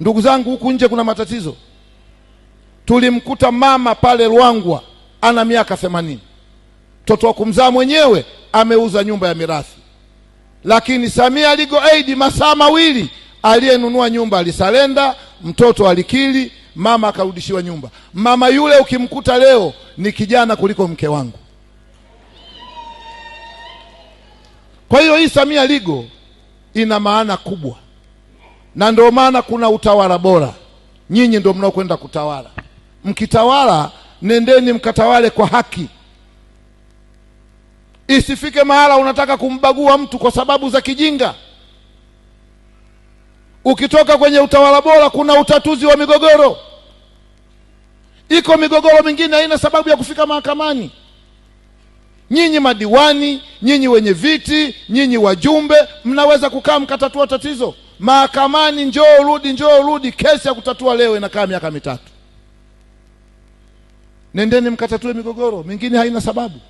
Ndugu zangu, huku nje kuna matatizo. Tulimkuta mama pale Rwangwa ana miaka themanini, mtoto wa kumzaa mwenyewe ameuza nyumba ya mirathi, lakini Samia ligo Aid masaa mawili aliyenunua nyumba alisalenda, mtoto alikili, mama akarudishiwa nyumba. Mama yule ukimkuta leo ni kijana kuliko mke wangu. Kwa hiyo hii Samia ligo ina maana kubwa na ndio maana kuna utawala bora. Nyinyi ndio mnaokwenda kutawala. Mkitawala, nendeni mkatawale kwa haki, isifike mahala unataka kumbagua mtu kwa sababu za kijinga. Ukitoka kwenye utawala bora, kuna utatuzi wa migogoro. Iko migogoro mingine haina sababu ya kufika mahakamani. Nyinyi madiwani, nyinyi wenye viti, nyinyi wajumbe, mnaweza kukaa mkatatua tatizo mahakamani, njoo urudi, njoo urudi. Kesi ya kutatua leo inakaa miaka mitatu. Nendeni mkatatue migogoro mingine, haina sababu.